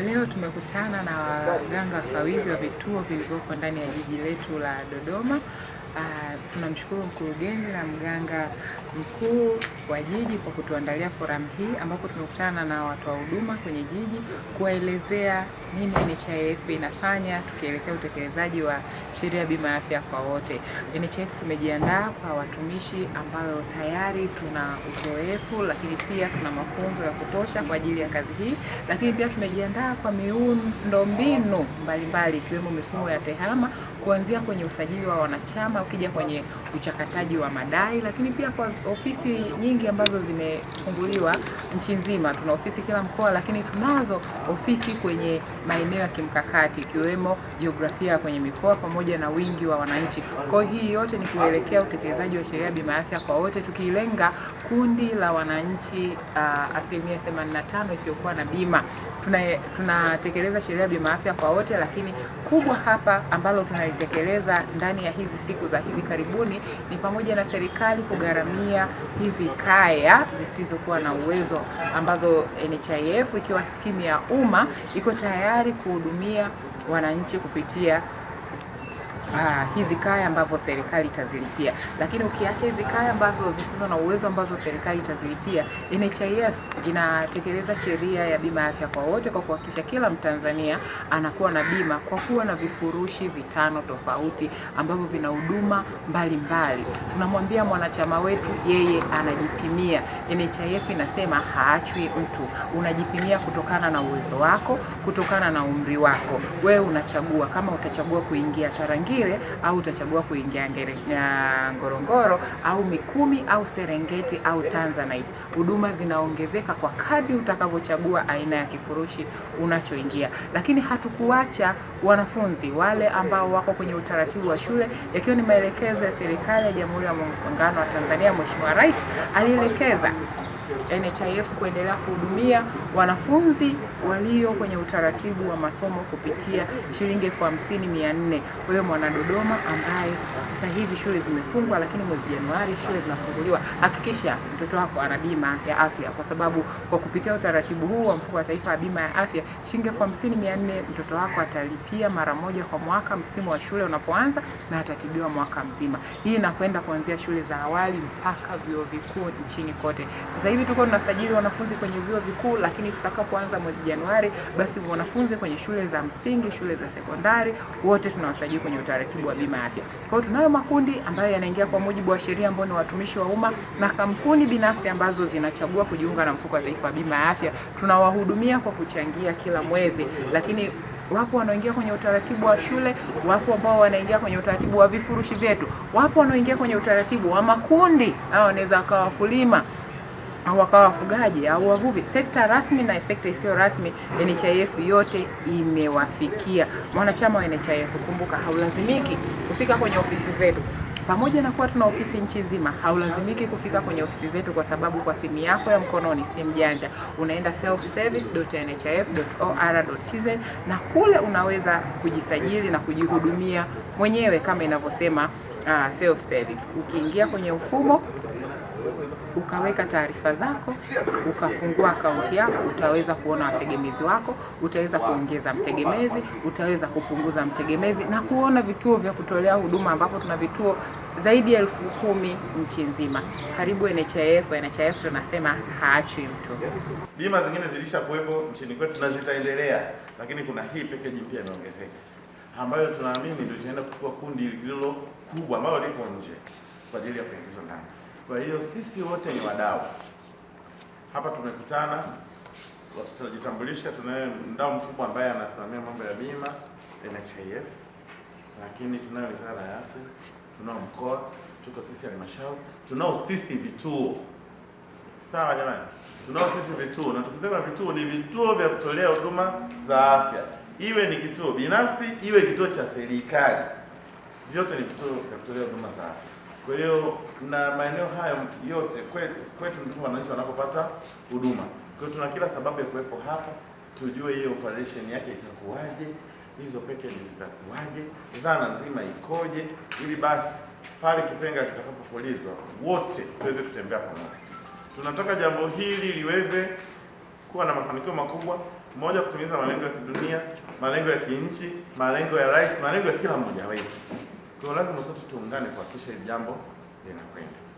Leo tumekutana na waganga kawizi wa vituo vilivyopo ndani ya jiji letu la Dodoma Ah, tunamshukuru mkurugenzi na mganga mkuu wa jiji kwa kutuandalia forum hii ambapo tumekutana na wa huduma kwenye jiji kuwaelezea nini NHIF inafanya tukielekea utekelezaji wa sheria ya bima ya afya kwa wote. NHIF tumejiandaa kwa watumishi ambayo tayari tuna uzoefu, lakini pia tuna mafunzo ya kutosha kwa ajili ya kazi hii, lakini pia tumejiandaa kwa miundombinu mbalimbali ikiwemo mifumo ya tehama kuanzia kwenye usajili wa wanachama sana ukija kwenye uchakataji wa madai, lakini pia kwa ofisi nyingi ambazo zimefunguliwa nchi nzima. Tuna ofisi kila mkoa, lakini tunazo ofisi kwenye maeneo ya kimkakati ikiwemo jiografia kwenye mikoa pamoja na wingi wa wananchi. Kwa hiyo hii yote ni kuelekea utekelezaji wa sheria ya bima afya kwa wote, tukilenga kundi la wananchi uh, asilimia 85 isiyokuwa na bima. Tunatekeleza tuna sheria ya bima afya kwa wote, lakini kubwa hapa ambalo tunalitekeleza ndani ya hizi siku za hivi karibuni ni pamoja na serikali kugharamia hizi kaya zisizokuwa na uwezo ambazo NHIF ikiwa skimu ya umma iko tayari kuhudumia wananchi kupitia aa, ah, hizi kaya ambavyo serikali itazilipia. Lakini ukiacha hizi kaya ambazo zisizo na uwezo ambazo serikali itazilipia, NHIF inatekeleza sheria ya bima ya afya kwa wote kwa kuhakikisha kila Mtanzania anakuwa na bima kwa kuwa na vifurushi vitano tofauti ambavyo vina huduma mbalimbali. Tunamwambia mwanachama wetu yeye anajipimia. NHIF inasema haachwi mtu, unajipimia kutokana na uwezo wako, kutokana na umri wako. Wewe unachagua kama utachagua kuingia Tarangire Tarangire au utachagua kuingia Ngorongoro au Mikumi au Serengeti au Tanzanite. Huduma zinaongezeka kwa kadri utakavyochagua aina ya kifurushi unachoingia, lakini hatukuacha wanafunzi wale ambao wako kwenye utaratibu wa shule, yakiwa ni maelekezo ya serikali ya Jamhuri ya Muungano wa Tanzania. Mheshimiwa Rais alielekeza NHIF kuendelea kuhudumia wanafunzi walio kwenye utaratibu wa masomo kupitia shilingi elfu hamsini mia nne wewe mwana Dodoma ambaye sasa hivi shule zimefungwa, lakini mwezi Januari shule zinafunguliwa, hakikisha mtoto wako ana bima ya afya, kwa sababu kwa kupitia utaratibu huu wa mfuko wa taifa wa bima ya afya shilingi elfu hamsini mia nne mtoto wako atalipia mara moja kwa mwaka msimu wa shule unapoanza, na atatibiwa mwaka mzima. Hii inakwenda kuanzia shule za awali mpaka vyuo vikuu nchini kote. Sasa hivi tuko tunasajili wanafunzi kwenye vyuo vikuu, lakini tutakapoanza mwezi Januari, basi wanafunzi kwenye shule za msingi, shule za sekondari, wote tunawasajili kwenye utaratibu wa bima ya afya. Kwa hiyo tunayo makundi ambayo yanaingia kwa mujibu wa sheria ambao ni watumishi wa umma na kampuni binafsi ambazo zinachagua kujiunga na mfuko wa taifa wa bima ya afya, tunawahudumia kwa kuchangia kila mwezi, lakini wapo wanaoingia kwenye utaratibu wa shule, wapo ambao wanaingia kwenye utaratibu wa vifurushi vyetu, wapo wanaoingia kwenye utaratibu wa makundi hao wanaweza wakawa wakulima au wakawa wafugaji au wavuvi, sekta rasmi na sekta isiyo rasmi, NHIF yote imewafikia. Mwanachama wa NHIF, kumbuka, haulazimiki kufika kwenye ofisi zetu pamoja na kuwa tuna ofisi nchi nzima, haulazimiki kufika kwenye ofisi zetu, kwa sababu kwa simu yako ya mkononi, simu janja, unaenda selfservice.nhif.or.tz na kule unaweza kujisajili na kujihudumia mwenyewe kama inavyosema uh, self service. Ukiingia kwenye mfumo ukaweka taarifa zako, ukafungua akaunti yako, utaweza kuona wategemezi wako, utaweza kuongeza mtegemezi, utaweza kupunguza mtegemezi na kuona vituo vya kutolea huduma ambapo tuna vituo zaidi ya elfu kumi nchi nzima. Karibu NHIF. NHIF tunasema haachwi mtu. Bima zingine zilishakuwepo nchini kwetu na zitaendelea, lakini kuna hii pekeji mpya imeongezeka ambayo tunaamini ndio itaenda kuchukua kundi lililo kubwa ambalo liko nje kwa ajili ya kuingizwa ndani. Kwa hiyo sisi wote ni wadau hapa, tumekutana tutajitambulisha. Tunaye mdau mkubwa ambaye anasimamia mambo ya bima NHIF, lakini tunayo wizara ya afya, tunao mkoa, tuko sisi halmashauri, tunao sisi vituo. Sawa jamani, tunao sisi vituo, na tukisema vituo ni vituo vya kutolea huduma za afya, iwe ni kituo binafsi, iwe kituo cha serikali, vyote ni vituo vya kutolea huduma za afya. Kwa hiyo na maeneo hayo yote kwetu kwe wananchi wanapopata huduma. Kwa hiyo tuna kila sababu ya kuwepo hapa, tujue hiyo operation yake itakuwaje, hizo package zitakuwaje, dhana nzima ikoje, ili basi pale kipenga kitakapofulizwa wote tuweze kutembea pamoja. Tunataka jambo hili liweze kuwa na mafanikio makubwa, moja kutimiza malengo ya kidunia, malengo ya kinchi, malengo ya rais, malengo ya kila mmoja wetu. Kwa lazima sote tuungane kuhakikisha hili jambo linakwenda